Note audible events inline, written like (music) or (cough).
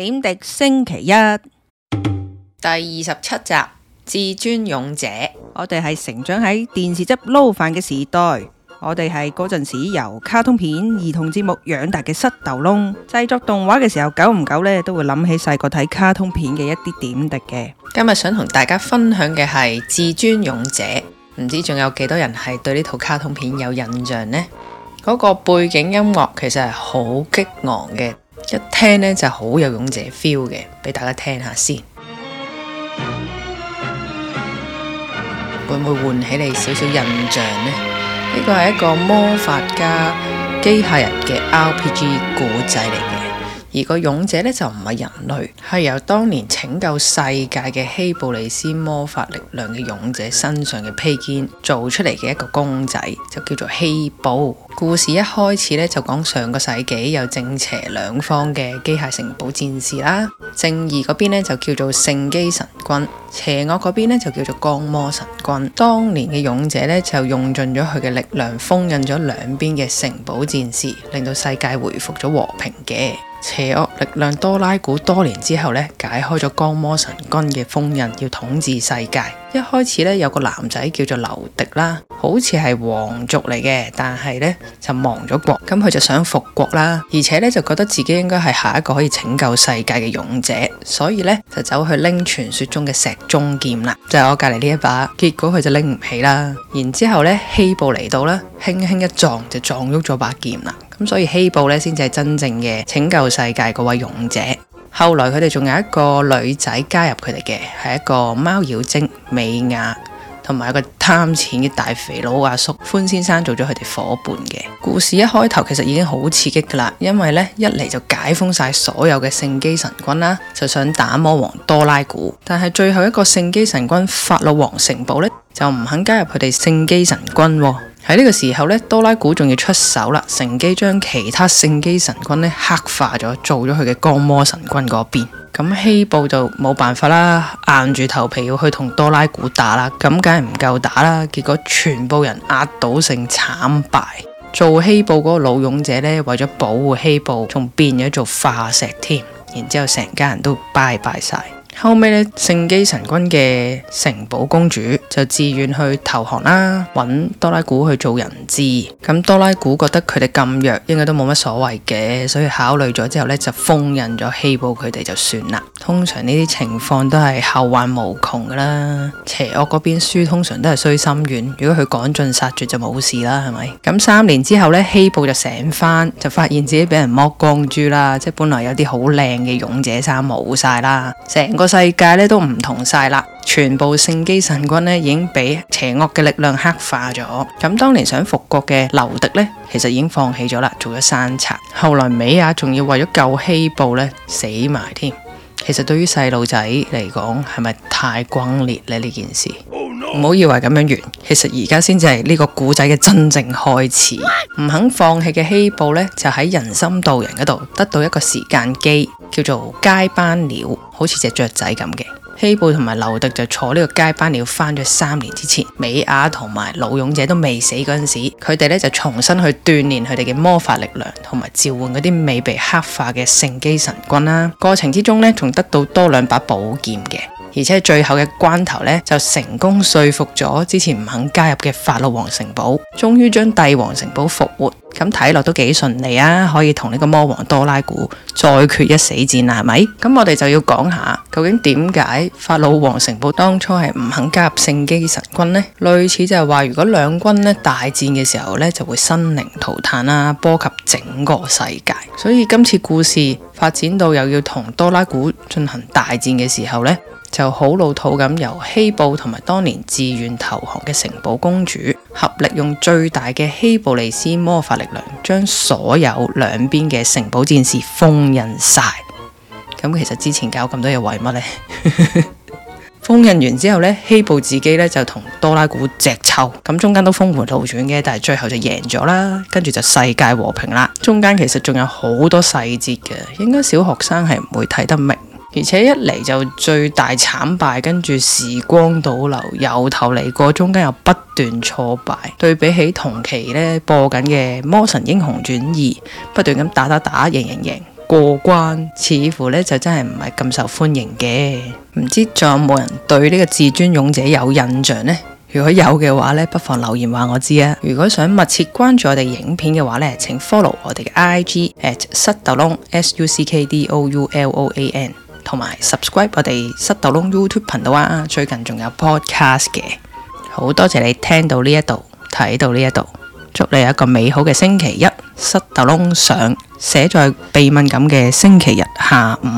點滴星期一第二十七集《至尊勇者》，我哋係成長喺電視汁撈飯嘅時代，我哋係嗰陣時由卡通片、兒童節目養大嘅膝頭窿。製作動畫嘅時候，久唔久呢都會諗起細個睇卡通片嘅一啲點滴嘅。今日想同大家分享嘅係《至尊勇者》，唔知仲有幾多人係對呢套卡通片有印象呢？嗰個背景音樂其實係好激昂嘅。一聽呢就好有勇者 feel 嘅，俾大家聽下先，會唔會喚起你少少印象呢？呢個係一個魔法加機械人嘅 RPG 古仔嚟嘅。而個勇者咧就唔係人類，係由當年拯救世界嘅希布里斯魔法力量嘅勇者身上嘅披肩做出嚟嘅一個公仔，就叫做希布。故事一開始咧就講上個世紀有正邪兩方嘅機械城堡戰士啦，正義嗰邊咧就叫做聖基神君，邪惡嗰邊咧就叫做光魔神君。當年嘅勇者咧就用盡咗佢嘅力量，封印咗兩邊嘅城堡戰士，令到世界回復咗和平嘅。邪惡力量多拉古多年之後呢，解開咗光魔神軍嘅封印，要統治世界。一開始呢，有個男仔叫做劉迪啦，好似係皇族嚟嘅，但係呢就亡咗國，咁佢就想復國啦，而且呢就覺得自己應該係下一個可以拯救世界嘅勇者，所以呢，就走去拎傳說中嘅石中劍啦，就係、是、我隔籬呢一把，結果佢就拎唔起啦，然之後呢，希布嚟到啦，輕輕一撞就撞喐咗把劍啦。咁所以希布呢，先至係真正嘅拯救世界嗰位勇者。後來佢哋仲有一個女仔加入佢哋嘅，係一個貓妖精美亞，同埋一個貪錢嘅大肥佬阿叔歡先生做咗佢哋夥伴嘅。故事一開頭其實已經好刺激㗎喇，因為呢一嚟，就解封晒所有嘅聖機神君啦，就想打魔王多拉古。但係最後一個聖機神君法老王城堡呢，就唔肯加入佢哋聖機神君。喺呢個時候咧，多拉古仲要出手啦，乘機將其他聖機神君呢黑化咗，做咗佢嘅，光魔神君嗰邊。咁希布就冇辦法啦，硬住頭皮要去同多拉古打啦，咁梗係唔夠打啦，結果全部人壓倒性慘敗。做希布嗰個老勇者呢，為咗保護希布，仲變咗做化石添，然之後成家人都拜拜晒。後尾呢，聖機神君嘅城堡公主，就自願去投降啦，揾多拉古去做人質。咁多拉古覺得佢哋咁弱，應該都冇乜所謂嘅，所以考慮咗之後呢，就封印咗希布佢哋就算啦。通常呢啲情況都係後患無窮噶啦。邪惡嗰邊輸，通常都係衰心軟，如果佢趕盡殺絕就冇事啦，係咪？咁三年之後呢，希布就醒翻，就發現自己俾人剝光豬啦，即係本來有啲好靚嘅勇者衫冇晒啦，成個世界咧都唔同晒啦。全部聖機神君呢已經被邪惡嘅力量黑化咗。咁當年想復國嘅劉迪呢，其實已經放棄咗啦，做咗山賊。後來美亞仲要為咗救希布呢，死埋添。其實對於細路仔嚟講，係咪太轟烈呢，呢件事？唔好、oh, no. 以為咁樣完，其實而家先至係呢個古仔嘅真正開始。唔 What? 肯放棄嘅希布呢，就喺人心道人嗰度得到一個時間機，叫做街班鳥，好似隻雀仔咁嘅。希貝同埋劉特就坐呢個街班要返咗三年之前，美雅、同埋老勇者都未死嗰陣時，佢哋咧就重新去鍛煉佢哋嘅魔法力量，同埋召喚嗰啲未被黑化嘅聖機神君啦。過程之中咧，仲得到多兩把寶劍嘅，而且最後嘅關頭咧，就成功說服咗之前唔肯加入嘅法老王城堡，終於將帝王城堡復活。咁睇落都幾順利啊！可以同呢個魔王多拉古再決一死戰啦，係咪？咁我哋就要講下，究竟點解法老王城堡當初係唔肯加入聖機神軍咧？類似就係話，如果兩軍咧大戰嘅時候咧，就會生靈塗炭啦，波及整個世界。所以今次故事發展到又要同多拉古進行大戰嘅時候呢，就好老土咁，由希布同埋當年自願投降嘅城堡公主合力用最大嘅希布利斯魔法力量，將所有兩邊嘅城堡戰士封印晒。咁其實之前搞咁多嘢為乜呢？ (laughs) 封印完之後呢，希布自己呢就同多拉古隻抽，咁中間都峰迴路轉嘅，但係最後就贏咗啦，跟住就世界和平啦。中間其實仲有好多細節嘅，應該小學生係唔會睇得明。而且一嚟就最大慘敗，跟住時光倒流，由頭嚟過，中間又不斷挫敗。對比起同期呢播緊嘅《魔神英雄傳二》，不斷咁打打打，贏贏贏。過關似乎咧就真係唔係咁受歡迎嘅，唔知仲有冇人對呢個自尊勇者有印象呢？如果有嘅話咧，不妨留言話我知啊！如果想密切關注我哋影片嘅話咧，請 follow 我哋嘅 I G at 塞豆窿 S U C K D O U L O A N，同埋 subscribe 我哋塞豆窿 YouTube 頻道啊！最近仲有 podcast 嘅，好多謝你聽到呢一度，睇到呢一度。祝你有一個美好嘅星期一，塞豆窿上寫在鼻敏感嘅星期日下午。